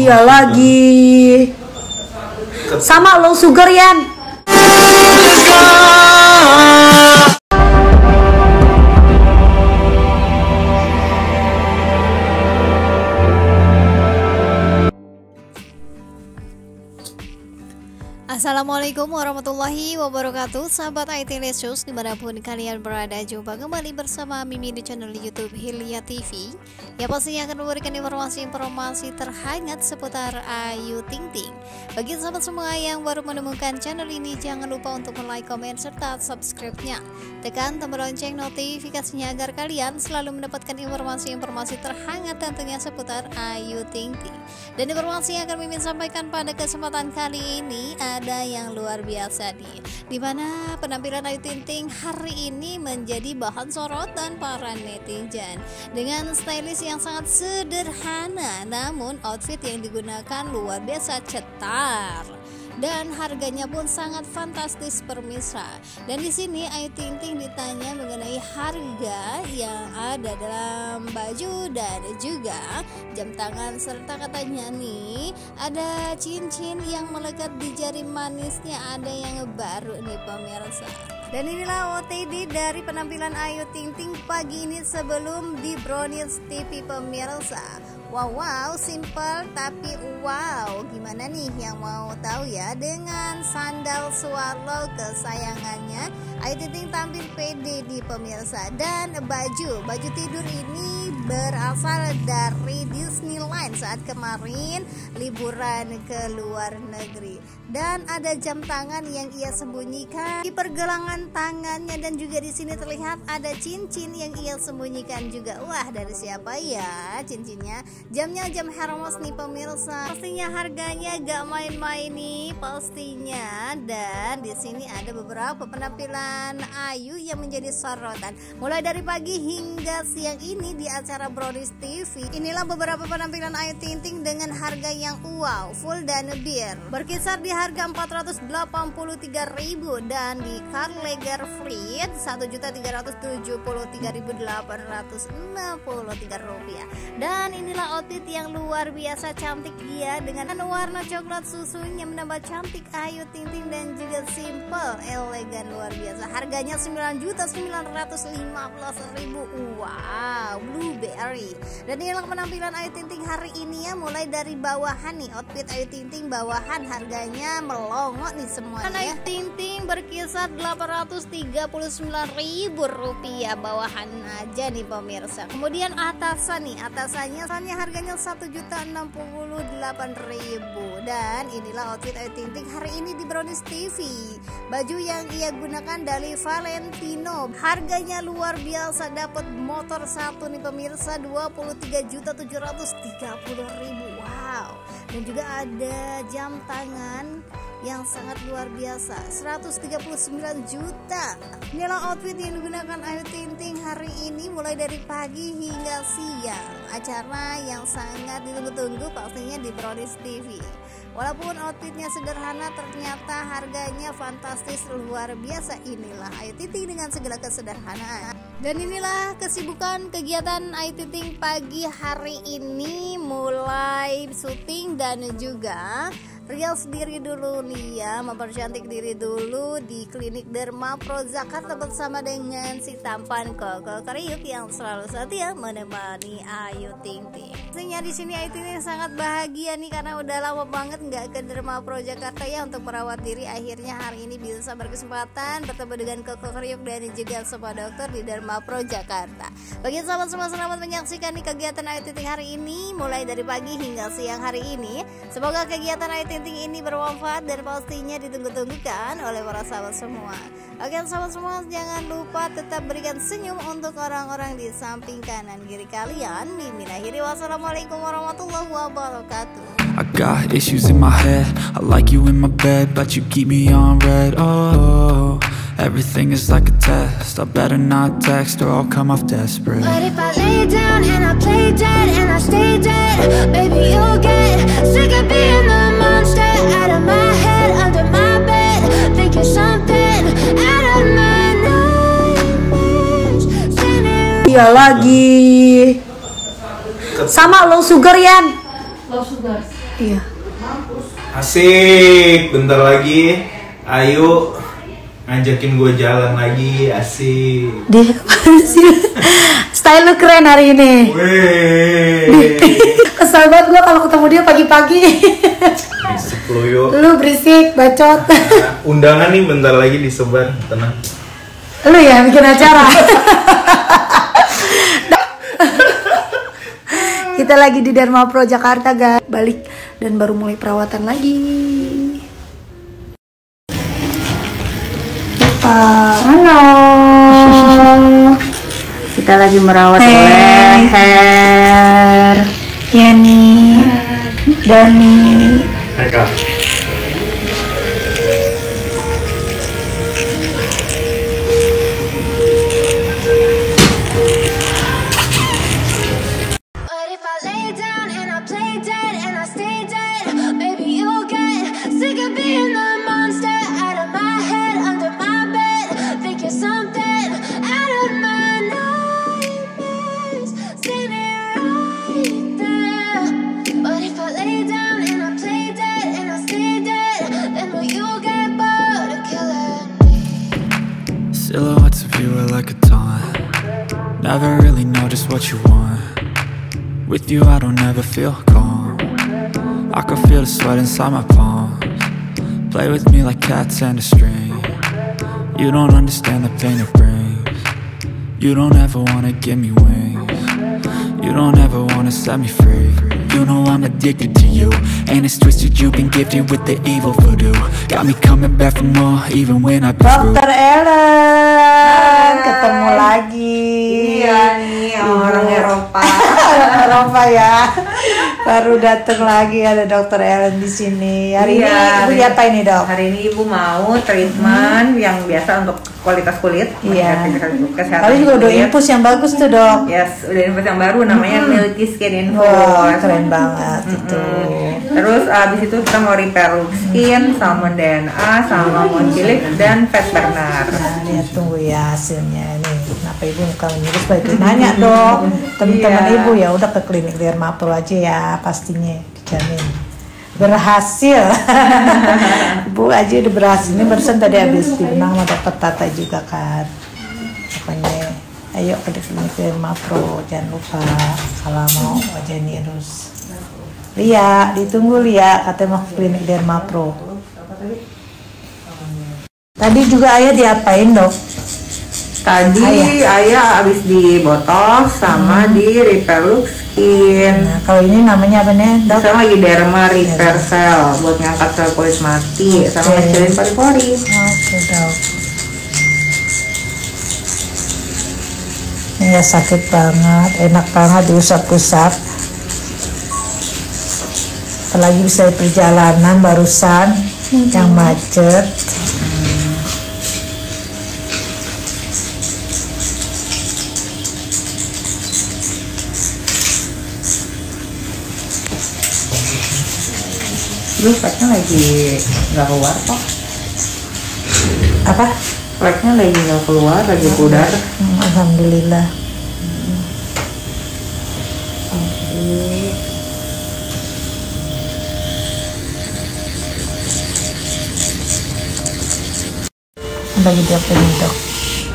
Iya, iya lagi. Sama low sugar, Yan. Assalamualaikum warahmatullahi wabarakatuh Sahabat IT Lesus dimanapun kalian berada Jumpa kembali bersama Mimi di channel Youtube Hilya TV Ya pastinya akan memberikan informasi-informasi terhangat seputar Ayu Ting Ting Bagi sahabat semua yang baru menemukan channel ini Jangan lupa untuk like, komen, serta subscribe-nya Tekan tombol lonceng notifikasinya agar kalian selalu mendapatkan informasi-informasi terhangat tentunya seputar Ayu Ting Ting Dan informasi yang akan Mimi sampaikan pada kesempatan kali ini ada muda yang luar biasa di mana penampilan Ayu Ting Ting hari ini menjadi bahan sorotan para netizen Dengan stylish yang sangat sederhana namun outfit yang digunakan luar biasa cetar dan harganya pun sangat fantastis per Dan di sini Ayu Ting Ting ditanya mengenai harga yang ada dalam baju dan juga jam tangan serta katanya nih ada cincin yang melekat di jari manisnya ada yang baru nih pemirsa. Dan inilah OTD dari penampilan Ayu Ting Ting pagi ini sebelum di Brownies TV pemirsa. Wow, wow, simple tapi wow. Gimana nih yang mau tahu ya dengan sandal swallow kesayangannya? Ayu Ting tampil pede di pemirsa dan baju baju tidur ini berasal dari Disneyland saat kemarin liburan ke luar negeri dan ada jam tangan yang ia sembunyikan di pergelangan tangannya dan juga di sini terlihat ada cincin yang ia sembunyikan juga. Wah, dari siapa ya cincinnya? Jamnya jam Hermes nih pemirsa. Pastinya harganya gak main-main nih pastinya. Dan di sini ada beberapa penampilan Ayu yang menjadi sorotan. Mulai dari pagi hingga siang ini di acara Brodis TV. Inilah beberapa penampilan Ayu Tinting dengan harga yang wow, full dan beer Berkisar di harga 483.000 dan di Karl Lagerfried 1.373.863 rupiah. Dan inilah outfit yang luar biasa cantik dia dengan warna coklat susunya menambah cantik, ayu, tinting dan juga simple, elegan luar biasa. Harganya 9.915.000. Wow, blueberry. Dan inilah penampilan ayu tinting hari ini ya mulai dari bawahan nih outfit ayu tinting bawahan harganya Harganya melongo nih semuanya. ting Tinting berkisar 839 ribu rupiah bawahan aja nih pemirsa. Kemudian atasan nih, atasannya hanya harganya 1 juta 68 ribu. Dan inilah outfit Ayu Tinting hari ini di Brownies TV. Baju yang ia gunakan dari Valentino. Harganya luar biasa dapat motor satu nih pemirsa 23 juta 730 ribu. Wow dan juga ada jam tangan yang sangat luar biasa 139 juta inilah outfit yang digunakan Ayu Ting Ting hari ini mulai dari pagi hingga siang acara yang sangat ditunggu-tunggu pastinya di Brownies TV walaupun outfitnya sederhana ternyata harganya fantastis luar biasa inilah Ayu Ting Ting dengan segala kesederhanaan dan inilah kesibukan kegiatan Ayu Ting Ting pagi hari ini mulai syuting dan juga Real sendiri dulu nih ya mempercantik diri dulu di klinik Derma Pro Jakarta bersama dengan si tampan Koko Kriuk yang selalu setia menemani Ayu Ting Ting. Pastinya di sini Ayu Ting Ting sangat bahagia nih karena udah lama banget nggak ke Derma Pro Jakarta ya untuk merawat diri akhirnya hari ini bisa berkesempatan bertemu dengan Koko Kriuk dan juga semua dokter di Derma Pro Jakarta. Bagi sahabat semua selamat menyaksikan nih kegiatan Ayu Ting Ting hari ini mulai dari pagi hingga siang hari ini. Semoga kegiatan Ayu Ting parenting ini bermanfaat dan pastinya ditunggu-tunggu kan oleh para sahabat semua. Oke sahabat semua jangan lupa tetap berikan senyum untuk orang-orang di samping kanan kiri kalian. Mimin akhiri wassalamualaikum warahmatullahi wabarakatuh. I got issues in my head I like you in my bed But you keep me on red. Oh, everything is like a test I better not text Or I'll come off desperate But if I lay down and I play dead And I stay dead Baby, you'll get sick of being the Iya lagi. Sama low sugar ya? Low sugar. Iya. Asik, bentar lagi. Ayo ngajakin gue jalan lagi, asik. Dia sih? Style lu keren hari ini. Wee kesel banget gue kalau ketemu dia pagi-pagi berisik lu yuk lu berisik bacot nah, undangan nih bentar lagi disebar tenang lu ya bikin acara kita lagi di Dharma Pro Jakarta guys balik dan baru mulai perawatan lagi kita halo kita lagi merawat hey. leher Yani, Dani, Eka. you were like a taunt Never really know just what you want With you I don't ever feel calm I can feel the sweat inside my palms Play with me like cats and a string You don't understand the pain it brings You don't ever wanna give me wings You don't ever wanna set me free you know I'm addicted to you And it's twisted, you've been gifted with the evil voodoo Got me coming back for more, even when I've been Dokter Ellen, ketemu lagi Iya Rafa ya. Baru datang lagi ada Dokter Ellen di sini. Hari iya, ini Ibu apa ini Dok? Hari ini Ibu mau treatment hmm. yang biasa untuk kualitas kulit. Iya. Kali juga udah infus yang bagus tuh Dok. Yes, udah infus yang baru namanya hmm. Milky Skin Infus. Oh, keren banget hmm. itu. Terus abis itu kita mau repair look skin, salmon DNA, sama mau hmm. cilik dan fat burner. Nah, lihat tunggu ya hasilnya ini apa ibu kalau nyurus lah itu nanya dong teman-teman yeah. ibu ya udah ke klinik dermatol aja ya pastinya dijamin berhasil bu aja udah berhasil ini barusan tadi habis diundang mau dokter Tata juga kan pokoknya ayo ke klinik dermatol jangan lupa kalau mau wajah nyurus Lia, ditunggu Lia, katanya mau klinik Dermapro. Tadi juga ayah diapain dok? Tadi ayah, ayah habis di botox sama hmm. di repair look skin. Nah, kalau ini namanya apa nih? Dok? Sama lagi derma iya, repair yeah. cell buat ngangkat sel kulit mati okay. sama ngecilin pori-pori. Oke, okay, dok. Ya sakit banget, enak banget diusap-usap. Apalagi bisa perjalanan barusan mm -hmm. yang macet. lu packnya lagi nggak keluar kok apa packnya lagi nggak keluar lagi pudar. alhamdulillah lagi dia ini dok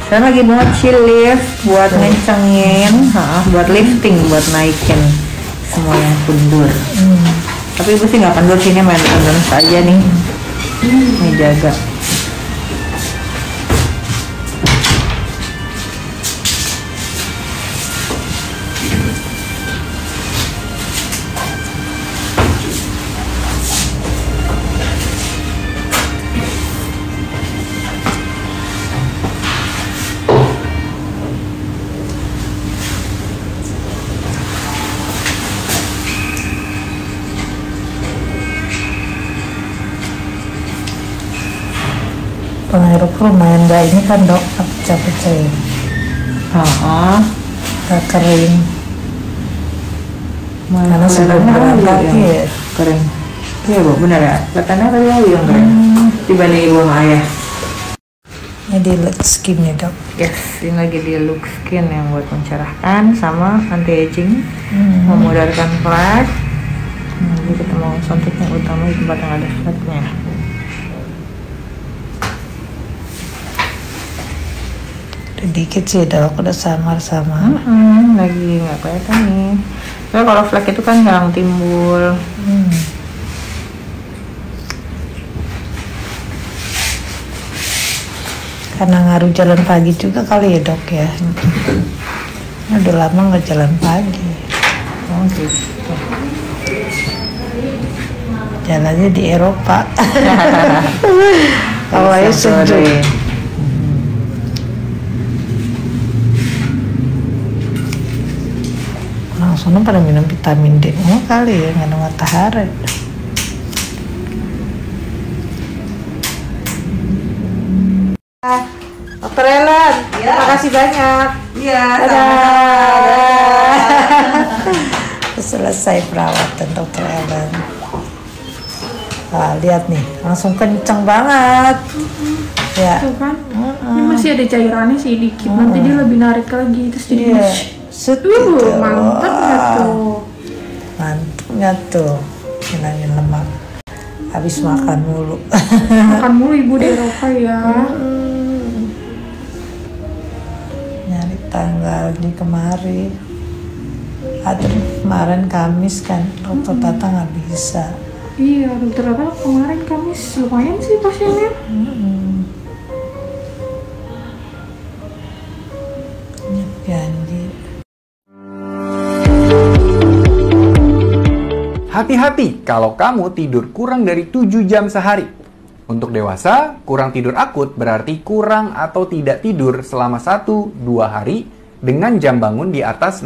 saya lagi buat lift buat Tuh. ngencengin ha, buat lifting buat naikin semua yang mundur hmm tapi ibu sih nggak kendor sini main kendor saja nih ini jaga lumayan gak ini kan dok pecah capek ah gak kering Malah karena sudah kan beneran ya iya. kering iya bu benar ya katanya tadi ayu yang kering hmm. dibanding ibu sama ayah ini di look skin ya dok yes ini lagi di look skin yang buat mencerahkan sama anti aging hmm. memudarkan flek. Nah, jadi kita mau suntiknya utama di tempat yang ada flatnya. sedikit sih dok udah samar-samar -hmm, lagi nggak ya kelihatan nih tapi kalau flek itu kan jarang timbul hmm. karena ngaruh jalan pagi juga kali ya dok ya udah lama nggak jalan pagi oh gitu jalannya di Eropa awalnya sejuk teman-teman pada minum vitamin D mau kali ya nggak matahari ah, Dokter Ellen, ya. terima kasih banyak. Iya, Selesai perawatan Dokter Ellen. Wah, lihat nih, langsung kenceng banget. Ya. Tuh kan, mm -mm. ini masih ada cairannya sih dikit. Mm -mm. Nanti dia lebih narik lagi terus jadi yeah set gitu. mantap nggak ah. ya tuh mantap nggak ya tuh hilangin lemak habis hmm. makan mulu makan mulu ibu di Eropa ya hmm. nyari tanggal di kemari atau kemarin Kamis kan dokter hmm. Tata nggak bisa iya dokter Tata kemarin Kamis lumayan sih pasiennya hmm. Janji Hati-hati kalau kamu tidur kurang dari 7 jam sehari. Untuk dewasa, kurang tidur akut berarti kurang atau tidak tidur selama 1-2 hari dengan jam bangun di atas